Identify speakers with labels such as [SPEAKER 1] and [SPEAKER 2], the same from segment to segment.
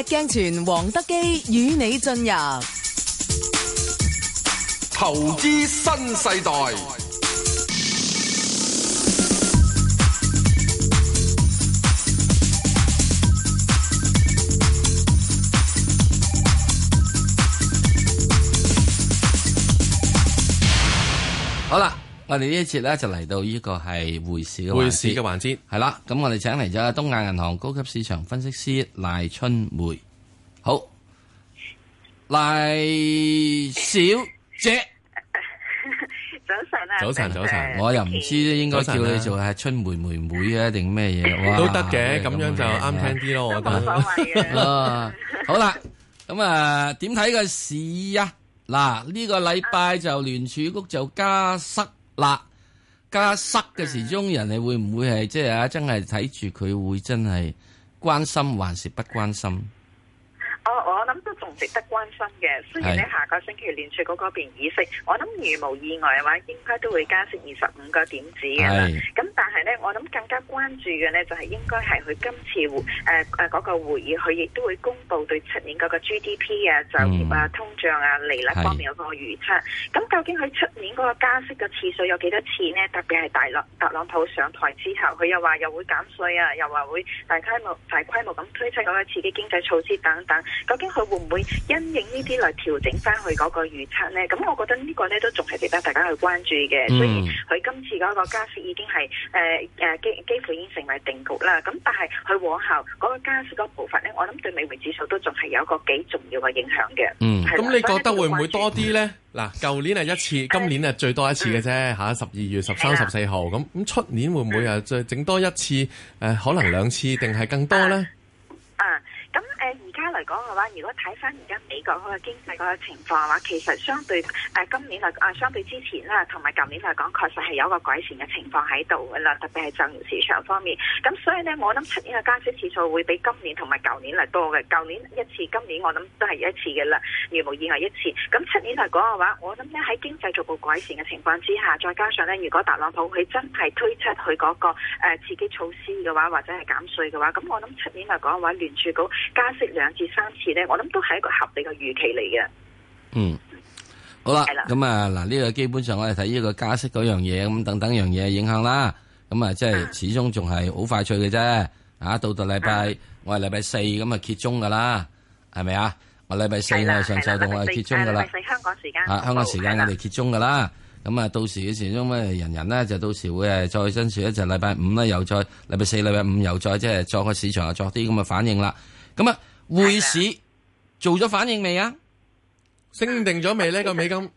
[SPEAKER 1] 石鏡泉黃德基與你進入
[SPEAKER 2] 投資新世代。
[SPEAKER 3] 好了。我哋呢一節咧，就嚟到呢個係匯市嘅匯市嘅環節，係啦。咁我哋請嚟咗東亞銀行高級市場分析師賴春梅，好，賴小姐，早
[SPEAKER 1] 晨啊，早晨早晨，我
[SPEAKER 3] 又唔知應該叫你做係春梅妹妹啊，定咩嘢，都得嘅，咁樣就啱聽啲咯，我覺得。好啦，咁啊，點睇個市啊？嗱，呢個禮拜就聯儲局就加息。嗱，加塞嘅時鐘，人哋會唔會係即係啊？真係睇住佢，會真係關心還是不關心？
[SPEAKER 1] 值得關心嘅，雖然咧下個星期聯儲局嗰邊議息，的我諗如無意外嘅話，應該都會加息二十五個點子嘅咁的但係咧，我諗更加關注嘅咧，就係、是、應該係佢今次會誒誒嗰個會議，佢亦都會公布對出年嗰個 GDP 啊、嗯、就業啊、通脹啊、利率方面有個預測。咁的究竟佢出年嗰個加息嘅次數有幾多次呢？特別係大陸特朗普上台之後，佢又話又會減稅啊，又話會大規模大規模咁推出嗰個刺激經濟措施等等，究竟佢會唔會？因應呢啲來調整翻佢嗰個預測呢。咁我覺得呢個呢都仲係值得大家去關注嘅。嗯、雖然佢今次嗰個加息已經係誒誒，幾、呃、幾乎已經成為定局啦。咁但係佢往後嗰個加息嗰個部分咧，我諗對美元指數都仲係有一個幾重要嘅影響嘅。嗯，咁吧你覺得會唔會
[SPEAKER 2] 多啲呢？嗱、嗯，舊年係一次，今年係最多一次嘅啫吓，十二、嗯、月十三、十四號咁咁出年會唔會啊再整多一次？誒、嗯，可能兩次定係更多呢？嗯
[SPEAKER 1] 講嘅話，如果睇翻而家美國嗰個經濟嗰個情況嘅話，其實相對誒今年嚟、啊相對之前啦，同埋舊年嚟講，確實係有一個改善嘅情況喺度嘅啦。特別係就業市場方面，咁所以呢，我諗出年嘅加息次數會比今年同埋舊年嚟多嘅。舊年一次，今年我諗都係一次嘅啦，如無意外一次。咁出年嚟講嘅話，我諗呢喺經濟逐步改善嘅情況之下，再加上呢，如果特朗普佢真係推出佢嗰個刺激措施嘅話，或者係減稅嘅話，咁我諗出年嚟講嘅話，聯儲局加息兩次。次咧，我
[SPEAKER 3] 諗都係一個合理嘅預期嚟嘅。嗯，好啦，係啦，咁啊嗱，呢個基本上我哋睇呢個加息嗰樣嘢，咁等等樣嘢影響啦。咁啊，即係始終仲係好快脆嘅啫。啊，到到禮拜、啊，我係禮拜四咁啊了揭盅噶啦，係咪啊？我禮拜四我上晝同我揭盅噶啦，香港時間啊，香港時間我哋揭盅噶啦。咁啊好，到時嘅時鐘咪人人呢就到時會係再申持咧，就禮、是、拜五呢，又再禮拜四、禮拜五又再即係作個市場又作啲咁嘅反應啦。咁啊～匯市做咗反應未啊？升定咗未呢個美金？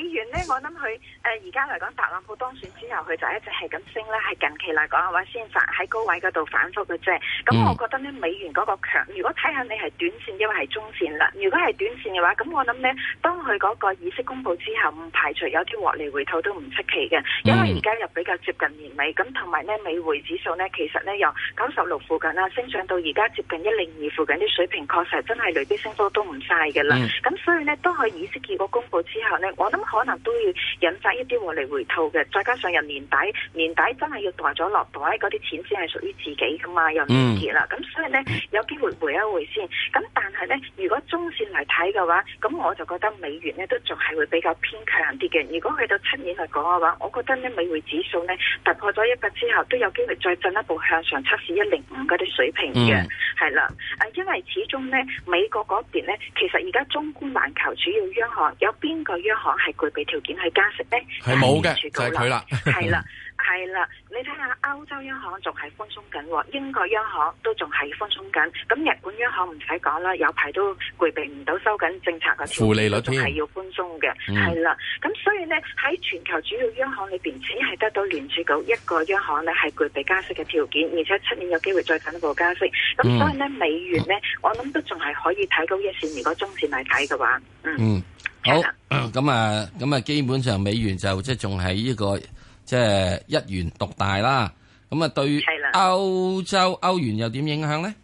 [SPEAKER 1] 美元呢，我諗佢誒而家嚟講特朗普當選之後，佢就一直係咁升啦。係近期嚟講嘅話，先反喺高位嗰度反復嘅啫。咁、嗯、我覺得呢，美元嗰個強，如果睇下你係短線，因為係中線啦。如果係短線嘅話，咁我諗呢，當佢嗰個議息公佈之後，唔排除有啲獲利回吐都唔出奇嘅。因為而家又比較接近年尾，咁同埋呢，美匯指數呢，其實呢，由九十六附近啦，啊，升上到而家接近一零二附近啲水平，確實真係累積升幅都唔細嘅啦。咁、嗯嗯、所以呢，當佢議息結果公佈之後呢。我諗。可能都要引發一啲獲利回吐嘅，再加上又年底年底，真係要袋咗落袋嗰啲錢先係屬於自己噶嘛，又年結啦，咁所以呢，有機會回一回先。咁但係呢，如果中線嚟睇嘅話，咁我就覺得美元呢都仲係會比較偏強啲嘅。如果去到七年嚟講嘅話，我覺得呢美匯指數呢突破咗一百之後，都有機會再進一步向上測試一零五嗰啲水平嘅，係啦。因為始終呢美國嗰邊咧，其實而家中觀環球主要央行有邊個央行係。具備條件去加息呢，係冇嘅，就係佢啦，係 啦，係啦。你睇下歐洲央行仲係寬鬆緊，英國央行都仲係寬鬆緊。咁日本央行唔使講啦，有排都具備唔到收緊政策嘅條件，係要寬鬆嘅，係啦、嗯。咁所以呢，喺全球主要央行裏邊，只係得到聯儲局一個央行呢係具備加息嘅條件，而且出年有機會再進一步加息。咁、嗯、所以呢，美元呢，嗯、我諗都仲係可以睇高一線。如果中線嚟睇嘅話，嗯。嗯嗯好
[SPEAKER 3] 咁啊，咁啊的，嗯、基本上美元就即係仲係呢個即係一元獨大啦。咁啊，對歐洲歐元又點影響呢？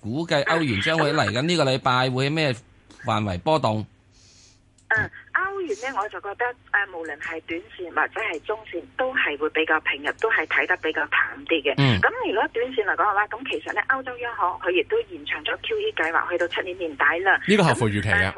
[SPEAKER 3] 估計歐元將會嚟緊呢個禮拜會咩範圍波動？誒、嗯，嗯、
[SPEAKER 1] 歐元呢，我就覺得誒，無論係短線或者係中線，都係會比較平日都係睇得比較淡啲嘅。咁、嗯、如果短線嚟講嘅話，咁其實咧歐洲央行佢亦都延長咗 QE 計劃去到出年年底啦。呢個合
[SPEAKER 2] 乎預期嘅。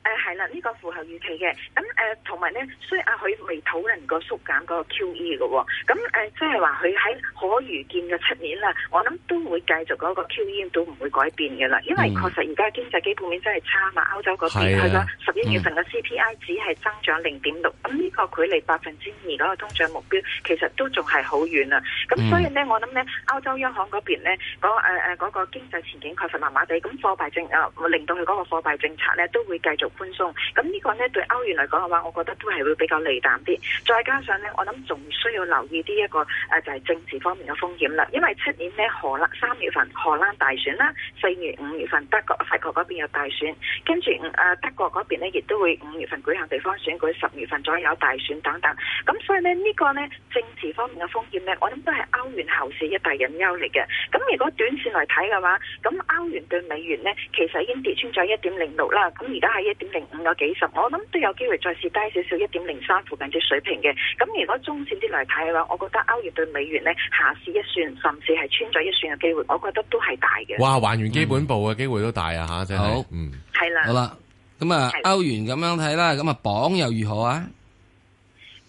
[SPEAKER 1] 誒，係啦，啊，呢，這個符合預期嘅。咁，嗯，誒，同埋咧，雖然啊佢未討論過縮減嗰個 QE 嘅，哦。咁，嗯，誒，啊，即係話佢喺可預見嘅七年啦，我諗都會繼續嗰個 QE 都唔會改變嘅啦。因為確實而家經濟基本面真係差嘛。歐洲嗰邊佢啦十一月份嘅 CPI 只係增長零點六，咁，啊，呢，這個距離百分之二嗰個通脹目標其實都仲係好遠啊。咁，嗯嗯、所以咧，我諗咧，歐洲央行嗰邊咧，嗰誒誒嗰個經濟前景確實麻麻地。咁貨幣政誒，啊，令到佢嗰個貨幣政策咧都會繼，繼續。寬鬆，咁呢個呢對歐元嚟講嘅話，我覺得都係會比較利淡啲。再加上呢，我諗仲需要留意啲一個誒、啊，就係、是、政治方面嘅風險啦。因為七年呢，荷蘭三月份荷蘭大選啦，四月五月份德國、法國嗰邊有大選，跟住誒德國嗰邊呢亦都會五月份舉行地方選舉，十月份左右有大選等等。咁所以呢，呢、這個呢政治方面嘅風險呢，我諗都係歐元後市一大隱憂嚟嘅。咁如果短線嚟睇嘅話，咁歐元對美元呢其實已經跌穿咗一點零六啦。咁而家喺一點零五有幾十，我諗都有機會再試低少少一點零三附近嘅水平嘅。咁如果中線啲嚟睇嘅話，我覺得歐元對美元呢，下試一算，甚至係穿咗一算嘅機會，我覺得都係大嘅。哇！還
[SPEAKER 3] 原基本步嘅機會都大啊吓，真係、嗯。好，嗯，
[SPEAKER 1] 係啦，好啦，
[SPEAKER 3] 咁啊，歐元咁樣睇啦，咁啊，磅又如何啊？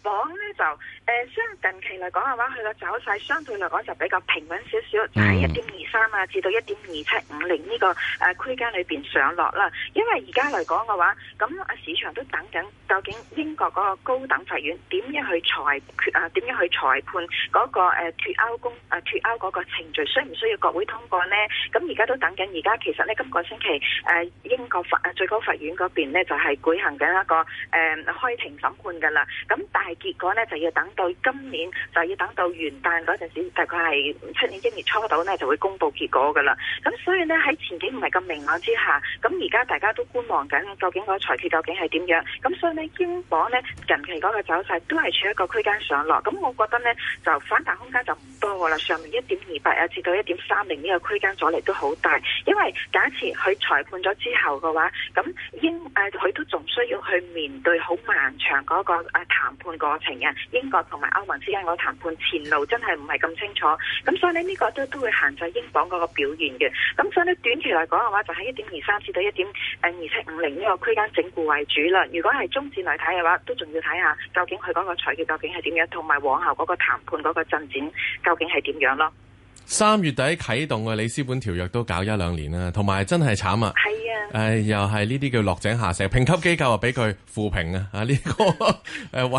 [SPEAKER 1] 磅。就誒，相近期嚟講嘅話，佢個走勢相對嚟講就比較平穩少少，就喺一點二三啊至到一點二七五零呢個誒區間裏邊上落啦。因為而家嚟講嘅話，咁啊市場都等緊，究竟英國嗰個高等法院點樣去裁決啊？點、呃、樣去裁判嗰個誒脫歐公誒脫歐嗰個程序需唔需要國會通過呢？咁而家都等緊，而家其實呢，今個星期誒、呃、英國法誒最高法院嗰邊呢，就係、是、舉行緊一個誒、呃、開庭審判噶啦。咁但係結果呢，就要等到今年，就要等到元旦嗰陣時，大概係七年一月初度呢就會公布結果噶啦。咁所以呢，喺前景唔係咁明朗之下，咁而家大家都觀望緊，究竟個裁決究竟係點樣？咁所以呢，英鎊呢近期嗰個走勢都係處一個區間上落。咁我覺得呢，就反彈空間就唔多啦。上面一點二八啊，至到一點三零呢個區間阻力都好大。因為假設佢裁判咗之後嘅話，咁英誒佢都仲需要去面對好漫長嗰個誒談判過程嘅。英國同埋歐盟之間嗰個談判前路真係唔係咁清楚，咁所以咧呢、呢個都都會限制英鎊嗰個表現嘅，咁所以呢，短期嚟講嘅話，就喺一點二三至到一點誒二七五零呢個區間整固為主啦。如果係中線嚟睇嘅話，都仲要睇下究竟佢嗰個裁決究竟係點樣，同埋往後嗰個談判嗰個進展究竟係點樣咯。
[SPEAKER 2] 三月底啟動嘅里斯本條約都搞一兩年啦，同埋真係慘啊！係啊、呃，誒又係呢啲叫落井下石，評級機構話俾佢負評啊！這個， 啊呢個誒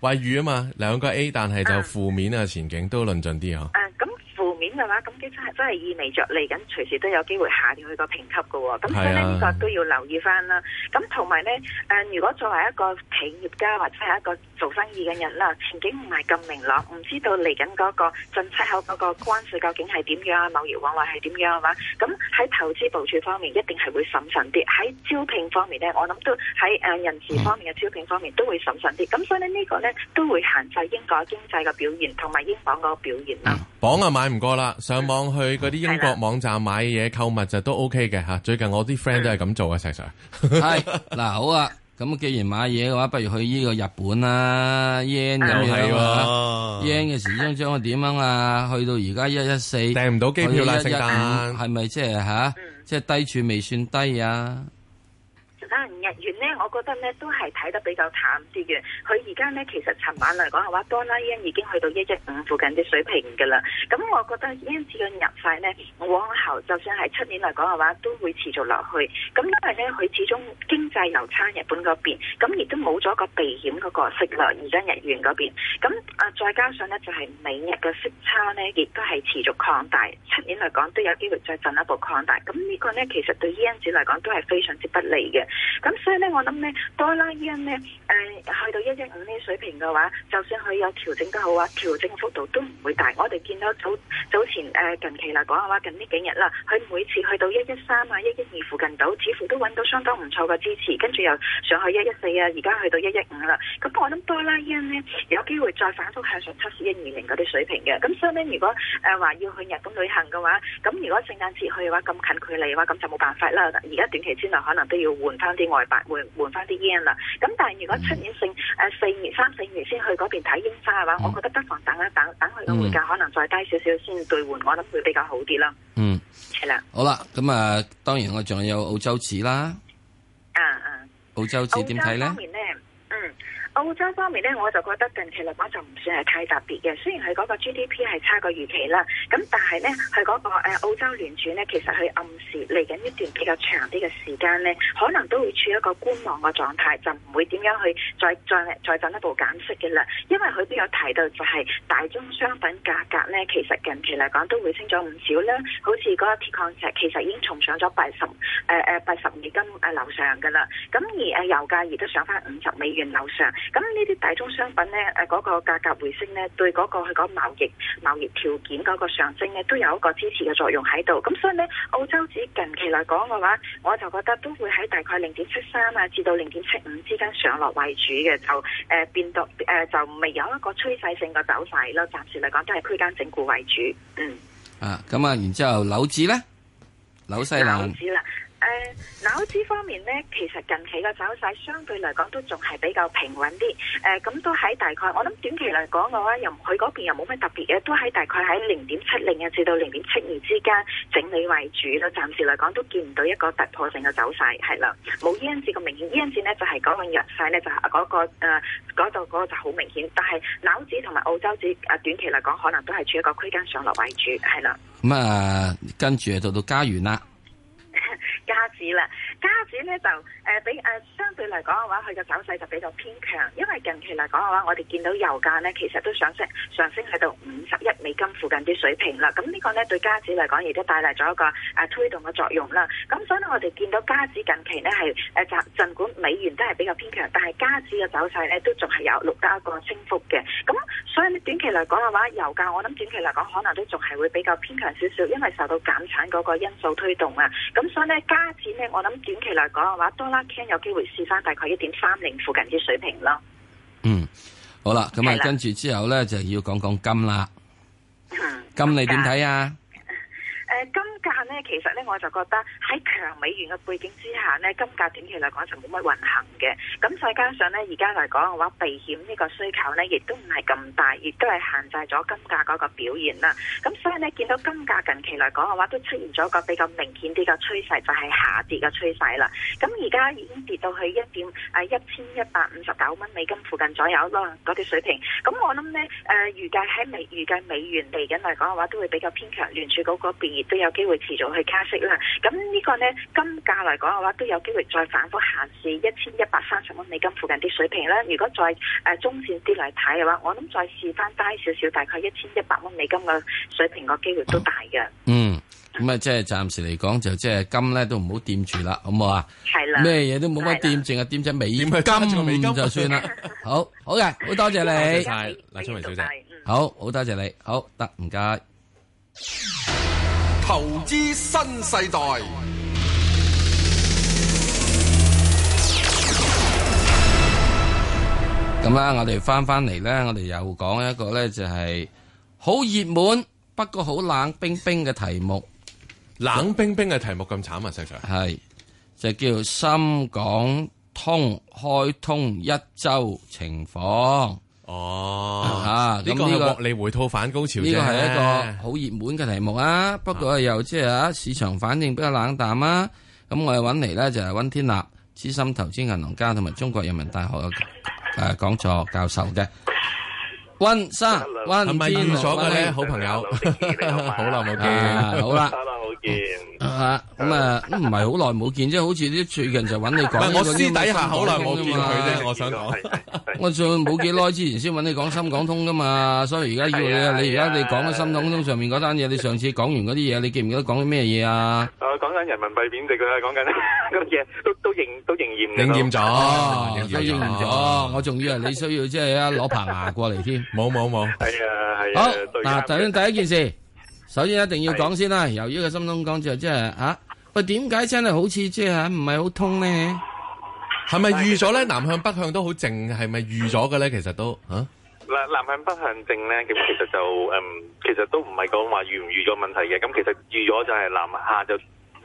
[SPEAKER 2] 話語啊嘛，兩個 A，但係就負面啊，前景都論盡啲啊！誒
[SPEAKER 1] 咁負面嘅話，咁其實真係意味着嚟緊隨時都有機會下跌去個評級噶，咁所以咧呢個、啊、都要留意翻啦。咁同埋咧，誒、呃、如果作為一個企業家或者係一個做生意嘅人啦，前景唔係咁明朗，唔知道嚟緊嗰個進出口嗰個關稅究竟係點樣啊，貿易往來係點樣啊嘛。咁喺投資部署方面一定係會審慎啲，喺招聘方面呢，我諗都喺誒人事方面嘅招聘方面都會審慎啲。咁所以呢，呢、呢個呢都會限制英國經濟嘅表現同埋英鎊嗰個表現啦。
[SPEAKER 2] 鎊啊買唔過啦，嗯、上網去嗰啲英國網站買嘢購、嗯、物就都 OK 嘅吓。的最近我啲 friend 都係咁做嘅，石 Sir
[SPEAKER 1] 係
[SPEAKER 3] 嗱，好啊。咁既然買嘢嘅話，不如去呢個日本啦，yen 咁樣咯。yen 嘅時鐘將會點樣啊？去到而家一一四，訂唔到機票啦，係咪即係吓，即、啊、係、嗯、低處未算低啊！
[SPEAKER 1] 嗱，日元呢，我覺得呢都係睇得比較淡啲嘅。佢而家呢，其實尋晚嚟講嘅話，多啦。已經去到一一五附近啲水平㗎啦。咁我覺得日元日元日呢一次嘅入快呢，往後就算係七年嚟講嘅話，都會持續落去。咁因為呢，佢始終經濟又差，日本嗰邊，咁亦都冇咗個避險嗰個色啦。而家日元嗰邊，咁啊，再加上呢，就係美日嘅息差呢，亦都係持續擴大。七年嚟講都有機會再進一步擴大。咁呢個呢，其實對呢一次嚟講都係非常之不利嘅。咁所以咧，我諗咧，多啦伊咧，誒、呃、去到一一五呢水平嘅話，就算佢有調整都好啊，調整幅度都唔會大。我哋見到早早前誒、呃、近期嚟講嘅話，近呢幾日啦，佢每次去到一一三啊、一一二附近度，似乎都揾到相當唔錯嘅支持，跟住又上去一一四啊，而家去到一一五啦。咁我諗多啦因咧有機會再反覆向上測試一二零嗰啲水平嘅。咁所以咧，如果誒話、呃、要去日本旅行嘅話，咁如果聖誕節去嘅話咁近距離嘅話，咁就冇辦法啦。而家短期之內可能都要換翻。啲外幣換換翻啲 yen 啦，咁但係如果出年四誒四月三四月先去嗰邊睇櫻花嘅話，我覺得不妨等一等，等佢個匯價可能再低少少先兌換，嗯、我諗會比較好啲咯。嗯，
[SPEAKER 3] 係啦的，好啦，咁啊，當然我仲有澳洲紙啦。嗯
[SPEAKER 1] 嗯、啊啊，
[SPEAKER 3] 澳洲紙點睇咧？
[SPEAKER 1] 澳洲方面咧，我就覺得近期嚟講就唔算係太特別嘅。雖然佢嗰個 GDP 係差過預期啦，咁但係咧，佢嗰、那個、呃、澳洲聯儲咧，其實佢暗示嚟緊呢段比較長啲嘅時間咧，可能都會處於一個觀望嘅狀態，就唔會點樣去再再再進一步減息嘅啦。因為佢都有提到，就係大宗商品價格咧，其實近期嚟講都會升咗唔少啦。好似嗰個鐵礦石其實已經重上咗八十誒誒八十美金誒樓上噶啦。咁而誒油價亦都上返五十美元樓上。咁呢啲大宗商品咧，誒、那、嗰個價格回升咧，對嗰個佢講貿易貿易條件嗰個上升咧，都有一個支持嘅作用喺度。咁所以咧，澳洲指近期嚟講嘅話，我就覺得都會喺大概零點七三啊至到零點七五之間上落為主嘅，就誒、呃、變到誒、呃、就未有一個趨勢性嘅走勢咯。暫時嚟講都係區間整固為主。
[SPEAKER 3] 嗯。啊，咁啊，然之後紐指咧，紐市紐指
[SPEAKER 1] 啦。誒，紐指、呃、方面咧，其實近期嘅走勢相對嚟講都仲係比較平穩啲。誒、呃，咁都喺大概，我諗短期嚟講嘅話，又佢嗰邊又冇乜特別嘅，都喺大概喺零點七零至到零點七二之間整理為主咯。暫時嚟講都見唔到一個突破性嘅走勢，係啦，冇 N 字咁明顯。N 字咧就係講緊弱勢咧，就嗰、是那個誒嗰度嗰個就好明顯。但係紐指同埋澳洲指誒短期嚟講，可能都係處一個區間上落為主，係啦。
[SPEAKER 3] 咁啊、嗯，跟住就到加元啦。
[SPEAKER 1] 加指啦，加指咧就誒比誒相對嚟講嘅話，佢嘅走勢就比較偏強，因為近期嚟講嘅話，我哋見到油價咧其實都上升，上升喺度五十一美金附近啲水平啦。咁呢個咧對加指嚟講，亦都帶嚟咗一個誒、啊、推動嘅作用啦。咁所以咧，我哋見到加指近期咧係誒儘、儘管美元都係比較偏強，但係加指嘅走勢咧都仲係有錄得一個升幅嘅。咁所以呢，短期嚟講嘅話，油價我諗短期嚟講可能都仲係會比較偏強少少，因為受到減產嗰個因素推動啊。咁所以咧。加錢咧，我諗短期嚟講嘅話，多啦 Ken 有機會試翻大概一點三零附近啲水平咯。嗯，
[SPEAKER 3] 好啦，咁啊，跟住之後咧就要講講金啦。嗯、金你點睇啊？誒、
[SPEAKER 1] 嗯，金價。其實咧，我就覺得喺強美元嘅背景之下呢金價短期嚟講就冇乜運行嘅。咁再加上呢，而家嚟講嘅話，避險呢個需求呢亦都唔係咁大，亦都係限制咗金價嗰個表現啦。咁所以呢，見到金價近期嚟講嘅話，都出現咗個比較明顯啲嘅趨勢，就係下跌嘅趨勢啦。咁而家已經跌到去一點誒一千一百五十九蚊美金附近左右啦嗰啲水平。咁我諗呢，誒預計喺美預計美元嚟緊嚟講嘅話，都會比較偏強，聯儲局嗰邊亦都有機會持續。去加息啦，咁呢個呢，金價嚟講嘅話，都有機會再反復行至一千一百三十蚊美金附近啲水平咧。如果再誒、呃、中線啲嚟睇嘅話，我諗再試翻低少少，大概一千一百蚊美金嘅水平個機會都大嘅、嗯。嗯，
[SPEAKER 3] 咁啊，即係暫時嚟講就即、是、係金咧都唔好掂住啦，好唔好啊？係啦的，咩嘢都冇乜掂，淨係掂隻美金，美金就算啦。 好，好嘅，好多謝你，賴春梅小姐，好好多謝你，好得唔該。投資新世代。咁啦，我哋翻翻嚟咧，我哋又講一個咧，就係好熱門，不過好冷冰冰嘅題目。冷冰冰嘅題目咁慘啊！石 Sir 係，就叫做「深港通開通一周情況」。哦，吓、啊，呢、這個係獲利回吐反高潮，呢個係一個好熱門嘅題目啊！啊不過又即係啊，市場反應比較冷淡啊！咁我哋揾嚟呢，就係溫天納，資深投資銀行家同埋中國人民大學嘅誒、呃、講座教授嘅溫生，係咪預咗嘅咧？Hello. 好朋友，好冇啦，好啦。見啊，咁啊唔係好耐冇見，即係好似啲最近就揾你講。我私底下好耐冇見佢啫。我想講，我仲冇幾耐之前先揾你講深港通噶嘛，所以而家要你，你而家你講緊深港通上面嗰單嘢，你上次講完嗰啲嘢，你記唔記得講緊咩嘢啊？講緊人民幣貶值噶，講緊啲嘢都都仍都仍然嘅。仍然咗，都仍然咗。我仲以為你需要即係啊，攞棚牙過嚟添。冇冇冇。係啊係啊。嗱，首先第一件事。首先一定要講先啦，的由於個深港通開通，即係吓，喂，點解真係好似即係唔係好通呢？係咪預咗呢？南向北向都好靜，係咪預咗嘅呢？其實都吓，嗱、
[SPEAKER 4] 啊，南向北向靜呢，咁其實就嗯，其實都唔係講話預唔預咗問題嘅，咁其實預咗就係南下就。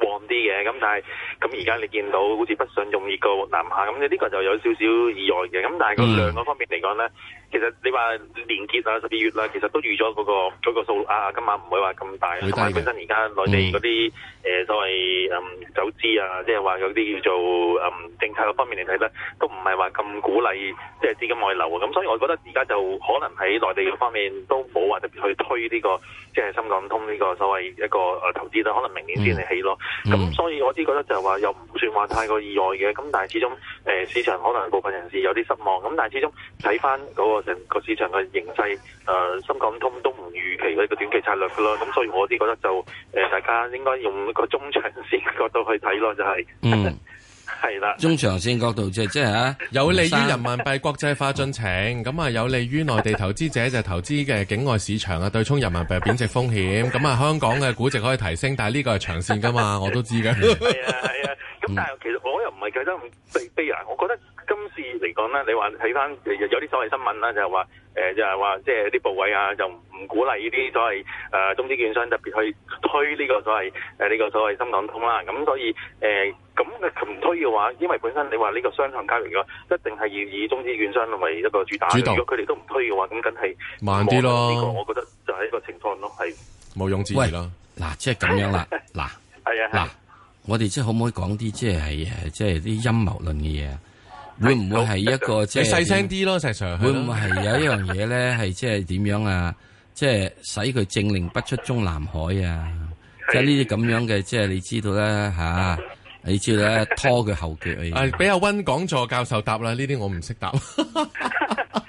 [SPEAKER 4] 旺啲嘅，咁但係咁而家你見到好似不信用易過南下，咁你呢個就有少少意外嘅。咁但係個量嗰方面嚟講咧，其實你話年結啊、十二月啦，其實都預咗嗰、那個嗰、那個數額、啊，今晚唔會話咁大。同埋本身而家內地嗰啲誒所謂誒走、嗯、資啊，即係話有啲叫做誒、嗯、政策方面嚟睇咧，都唔係話咁鼓勵，即、就、係、是、資金外流嘅。咁、嗯、所以我覺得而家就可能喺內地嘅方面都冇話特別去推呢、這個即係、就是、深港通呢個所謂一個誒、啊、投資啦，可能明年先係起咯，嗯咁所以我啲覺得就話又唔算話太過意外嘅，咁但係始終誒市場可能部分人士有啲失望，咁但係始終睇翻嗰個成個市場嘅形勢，誒深港通都唔預期嘅一個短期策略㗎喇，咁所以我啲覺得就誒大家應該用一個中長線角度去睇咯，就係。 嗯
[SPEAKER 2] 係啦，
[SPEAKER 3] 中長線角度
[SPEAKER 2] 即係即係啊， 有利於人民幣國際化進程，咁啊 有利於內地投資者就投資嘅境外市場啊， 對沖人民幣貶值風險，咁啊 香港嘅估值可以提升， 但係呢個係長線噶嘛，我都知㗎。係啊係啊，咁但係
[SPEAKER 4] 其實我又唔係覺得咁悲啊，我覺得。 今次嚟講咧，你話睇翻有啲所謂新聞啦，就係話誒，就係話即係啲部委啊，就唔鼓勵呢啲所謂誒中資券商特別去推呢個所謂誒呢個所謂深港通啦。咁所以誒咁佢唔推嘅話，因為本身你話呢個雙向交易嘅話一定係要以中資券商為一個主打。主動。如果佢哋都唔推嘅話，咁梗係慢啲咯。呢個我覺得就係一個情
[SPEAKER 3] 況咯，係毋庸置疑啦。嗱，即係咁樣啦。嗱，嗱，我哋即係可唔可以講啲即係誒，即係啲陰謀論嘅嘢？會唔會係一個即係細聲啲咯？石 Sir 會唔會係有一樣嘢咧？係即係點樣啊？即係使佢政令不出中南海啊？即係呢啲咁樣嘅，即係你知道咧吓、啊，你知道咧拖佢後腳啊？
[SPEAKER 2] 俾阿溫講座教授答啦，
[SPEAKER 3] 呢啲我唔識答 。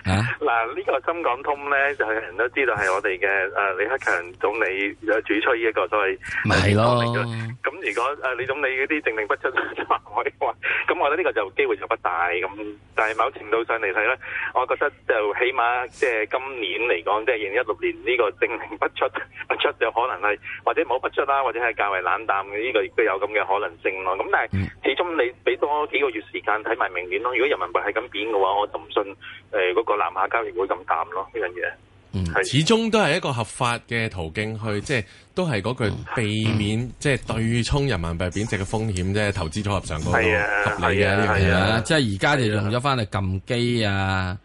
[SPEAKER 2] 啊！
[SPEAKER 4] 嗱呢個深港通咧，就係人都知道係我哋嘅誒李克強總理主催呢一個所謂嘅命令。咁如果誒李總理嗰啲政令不出就唔可以話，咁我覺得呢個就機會就不大。咁但係某程度上嚟睇咧，我覺得就起碼即係今年嚟講，即係二零一六年呢個政令不出不出，有可能係或者冇不出啦，或者係較為冷淡嘅呢個亦都有咁嘅可能性咯。咁但係始終你俾多幾個月時間睇埋明年咯。如果人民幣係咁貶嘅話，我就唔信誒嗰個南下價，交易會
[SPEAKER 2] 咁淡咯，呢樣嘢。嗯，始終都係一個合法嘅途徑去，即係都係嗰句避免，
[SPEAKER 3] 即係 對沖人民幣貶值嘅風險啫。投資組合上嗰個合理嘅呢樣嘢。即係而家就用咗翻嚟撳機啊，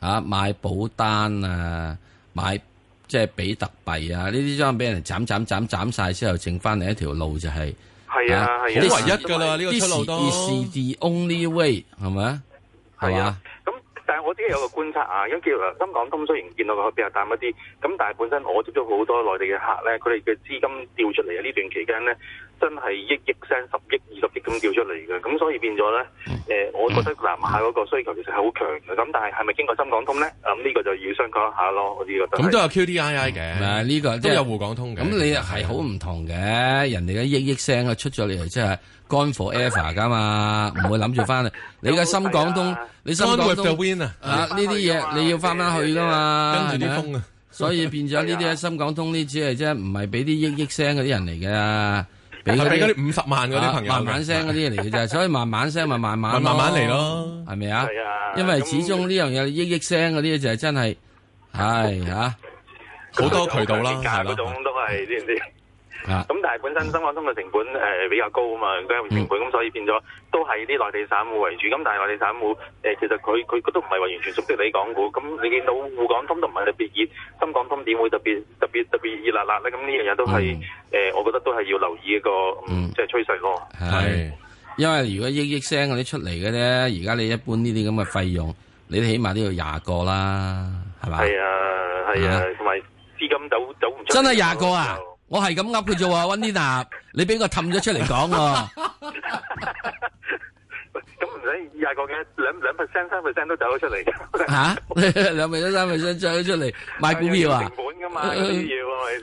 [SPEAKER 3] 嚇、啊啊啊 uh, 買保單啊，買即係、就是、比特幣啊，呢啲將俾人斬斬斬斬晒之後，剩翻嚟一條路就係、是、係、uh, 啊，好、啊、這是 唯一㗎啦，呢個出路都係麼啊，咁。吧
[SPEAKER 4] 我自己有個觀察啊，因為今日深港通雖然見到佢比較淡一啲，咁但係本身我接咗好多內地嘅客咧，佢哋嘅資金調出嚟啊，呢段期間咧。真係
[SPEAKER 3] 億億聲十億二十億咁掉出嚟嘅，咁所以變咗咧，誒，我覺得南下嗰個需求其實係好強嘅，咁但係係咪經過深港通咧？咁呢個就要商榷一下咯。我呢個咁都有 QDII 嘅，係啊，呢個都有滬港通嘅。咁你係好唔同嘅，人哋嘅億億聲啊出咗嚟，即係 gone forever 㗎嘛，唔會諗住翻嚟！你嘅深港通，你深港通啊呢啲嘢你要翻翻去㗎嘛，跟住啲風啊，所以變咗呢啲喺深港通呢，只係即係，唔係俾啲億億聲嗰啲人嚟嘅。你睇嗰啲五十萬嗰啲朋友，啊，慢慢聲嗰啲嚟嘅就係， 所以慢慢聲，咪慢慢囉慢慢嚟咯，係咪啊？啊！因為始終呢樣嘢億億聲嗰啲就真係，係嚇好多渠道啦。係、嗯、了種都係
[SPEAKER 4] 呢啲。 知咁但係本身深港通嘅成本誒比較高啊嘛，都係成本咁，所以變咗都係啲內地散戶為主。咁但係內地散戶誒，其實佢佢都唔係話完全熟悉你港股。咁你見到滬港通都唔係特別熱，深港通點會特別特別特別熱辣辣咧？咁呢樣嘢都係誒，我覺得都係要留意一個即係趨勢咯。係，
[SPEAKER 3] 因為如果億億聲嗰啲出嚟嘅咧，而家你一般呢啲咁嘅費用，你起碼都要廿個啦，係嘛？係
[SPEAKER 4] 啊，係啊，同埋資金走走唔出。
[SPEAKER 3] 真係廿個啊！我係咁噏佢做啊，溫天納，你俾個氹咗出嚟講喎。
[SPEAKER 4] 咁唔使廿個嘅兩兩 percent 三 percent 都走
[SPEAKER 3] 咗出嚟吓，兩 percent 三 percent 走咗出嚟買股票啊？成本噶嘛啲嘢咯，係咪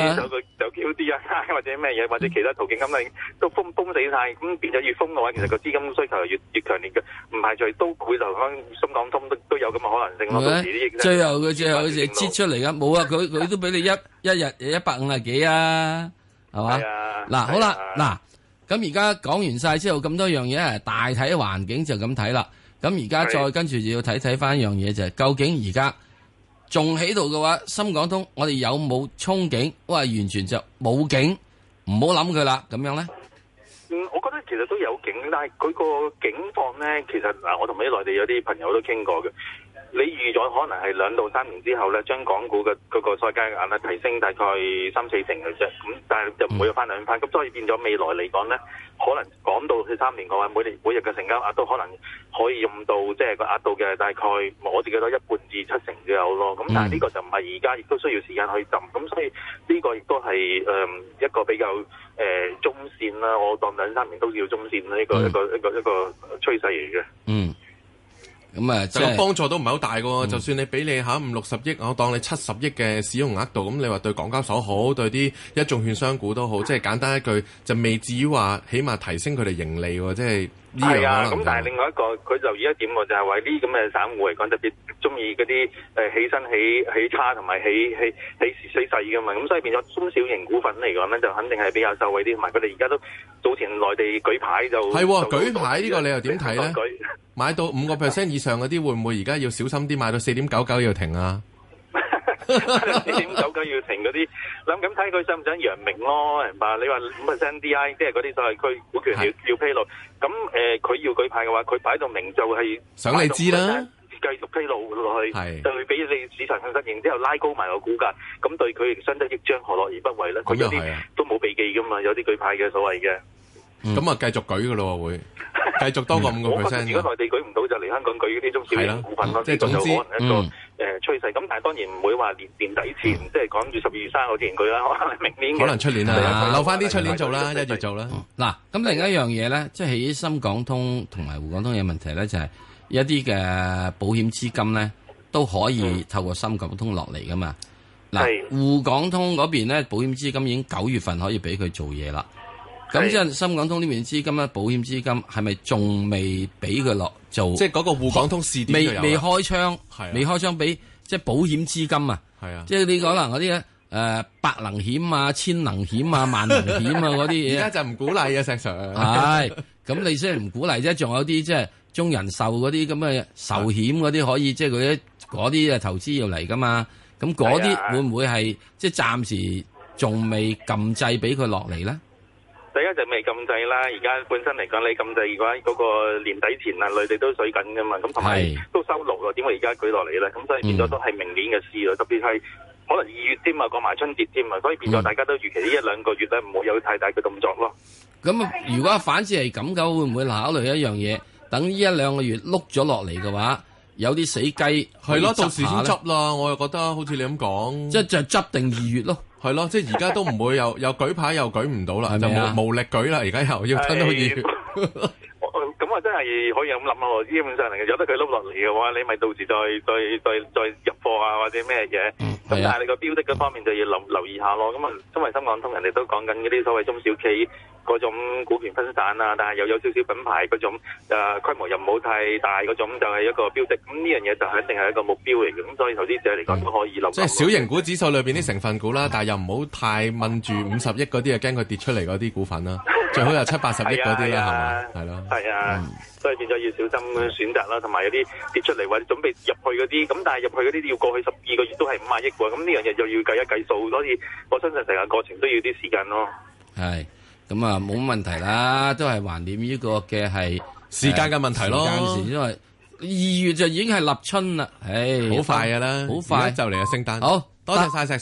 [SPEAKER 3] 先？有 QD 啊，或
[SPEAKER 4] 者咩嘢，或者其他途徑咁嚟都封封死晒，咁變咗越封嘅話，其實個資金需求越越強烈嘅，唔排除都會留翻深港通都都有咁嘅可能性咯。最後
[SPEAKER 3] 佢最後佢切出嚟噶，冇啊！佢佢都俾你一一日一百五十幾啊，係嘛？係啊，嗱，好啦，嗱。咁而家講完晒之後，咁多樣嘢，大體環境就咁睇啦。咁而家再跟住就要睇睇翻一樣嘢就係、是，究竟而家仲喺度嘅話，深港通，我哋有冇憧憬？哇，完全就冇景，唔好諗佢啦。咁樣呢，嗯，
[SPEAKER 4] 我覺得其實都有景，但係佢個景況呢，其實嗱，我同啲內地有啲朋友都傾過嘅。你預咗可能係兩到三年之後咧，將港股嘅嗰個賽街額咧提升大概三四成嘅啫。咁但係就唔會有翻兩番。咁、嗯、所以變咗未來嚟講咧，可能講到去三年嘅話，每年每日嘅成交額都可能可以用到即係、就是、個額度嘅大概，我自己覺得一半至七成都有咯。咁、嗯、但係呢個就唔係而家，亦都需要時間去浸。咁所以呢個亦都係誒一個比較誒、呃、中線啦。我當兩三年都叫中線呢個一個、嗯、一個一個一個,一個趨勢嚟嘅。嗯。
[SPEAKER 3] 咁啊，就係、個幫
[SPEAKER 2] 助都唔係好大嘅喎。嗯、就算你俾你下五六十億，我當你七十億嘅使用額度，咁你話對港交所好，對啲一眾券商股都好，即係簡單一句，就未至於話起碼提升佢哋盈利喎。即係呢樣可能係。啊，咁但係另外
[SPEAKER 4] 一個，佢就而家點喎？就係、是、為啲咁嘅散戶嚟講特別。中意嗰啲誒起身起起差同埋起起起細勢㗎嘛，咁所以變咗中小型股份嚟講咧，就肯定係比較受惠啲，同埋佢哋而家都早前內地舉牌就係舉牌
[SPEAKER 2] 個呢個你又點睇咧？買到五個 percent 以上嗰啲，會唔會而家要小心啲？買到四點九九要停啊！
[SPEAKER 4] 四點九九要停嗰啲，諗咁睇佢想唔想揚名咯？唔係 你話五 percent DI 即係嗰啲在區股權要披露，咁誒佢要舉牌嘅話，佢擺到明就係想你知啦。繼續披露落去，就會俾你市場去適應之後拉高埋個股價，咁對佢相得益彰何樂而不為咧？嗰啲都冇避忌噶嘛，有啲舉派嘅所謂
[SPEAKER 2] 嘅，咁啊繼續舉噶咯會，繼續多個五個 percent。如果內
[SPEAKER 4] 地舉唔到，就嚟香港舉呢種小型股份，即係總之一個誒趨勢。咁但係當然唔會話年年底前，即係講住十二月三號之前舉啦，可能明年可能出年啦，留翻啲出年做啦，一
[SPEAKER 2] 月做啦。
[SPEAKER 3] 嗱，咁另一樣嘢咧，即係深港通同埋滬港通有問題咧，就係。一啲嘅保險資金咧，都可以透過深港通落嚟噶嘛？嗱、嗯，滬、啊、港通嗰邊咧，保險資金已經九月份可以俾佢做嘢啦。咁是即係深港通呢邊資金咧，保險資金係咪仲未俾佢落做？即係嗰個滬港通試點未未開槍，未開槍俾即係保險資金啊？係啊，即係你可能嗰啲咧，誒百能險啊、千能險啊、萬能險啊嗰啲嘢，而家 就唔鼓勵啊，石 Sir 是。係，咁你雖然唔鼓勵啫，仲有啲即係。中人壽嗰啲咁嘅壽險嗰啲可以即係佢啲嗰啲嘅投資要嚟噶嘛？咁嗰啲會唔會係即係暫時仲未禁制俾佢落嚟咧？第一就未禁制啦，而家本身嚟講，你禁
[SPEAKER 4] 制如果喺嗰個年底前啊，內地都水緊噶嘛，咁同埋都收爐啦。點解而家舉落嚟咧？咁所以變咗都係明年嘅事啦。特別係可能二月添啊，過埋春節添啊，所以變咗大家都預期呢一兩個月咧，唔會有太大嘅動
[SPEAKER 3] 作咯。咁如果反之係咁嘅話，會唔會考慮一樣嘢？等呢一兩個月碌咗落嚟嘅話，有啲死雞，係咯，到時先執
[SPEAKER 2] 啦。我又覺得好似你咁講，即係就執定二月咯。係咯，即係而家都唔會又 又舉牌又舉唔到啦，就冇冇，冇力舉啦。而家又要等到二月。
[SPEAKER 4] 咁我真係可以咁諗咯，基本上嚟，有得佢碌落嚟嘅話，嗯、你咪到時再再再再入貨啊或者咩嘢。咁但係你個標的嗰、er、方面就要留留意下咯。咁啊，因為深港通人哋都講緊嗰啲所謂中小企嗰種股權分散啊，但係又有少少品牌嗰種誒規、呃、模又唔好太大嗰種就係一個標的。咁呢樣嘢就肯定係一個目標嚟嘅。咁所以投資者嚟講都可以諗。即係小型
[SPEAKER 2] 股指數裏邊啲成分股啦，但係又唔好太問住五十億嗰啲，又驚佢跌出嚟嗰啲股份啦。最好有七八十億嗰啲啦，係嘛？係咯，
[SPEAKER 4] 係啊，所以變咗要小心選擇啦，同埋有啲跌出嚟，或者準備入去嗰啲，咁但係入去嗰啲要過去十二個月都係五萬億喎，咁呢樣嘢又要計一計數，所以我相信成個過程都要啲時間咯。係，
[SPEAKER 3] 咁啊冇乜問題啦，都係懷念呢個嘅係時間嘅問題咯，時因為二月就已經係立春啦，唉，好快㗎啦，好快就嚟嘅聖誕，好多謝晒但石、Sir